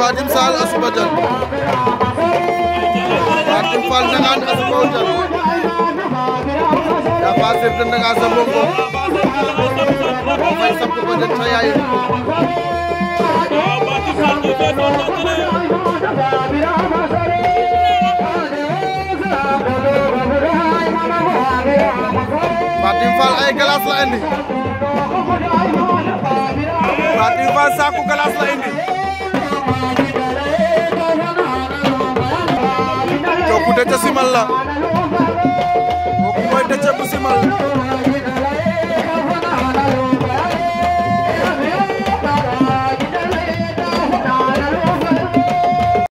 Fatim Sall Astou badim fal Fall Ndangane Astou Badiane dafa sefte ndanga sa bongo may sappo ba den tayaye Fatim Fall ay glace la indi Fatim Fall saako glace la indi topp te ca simal la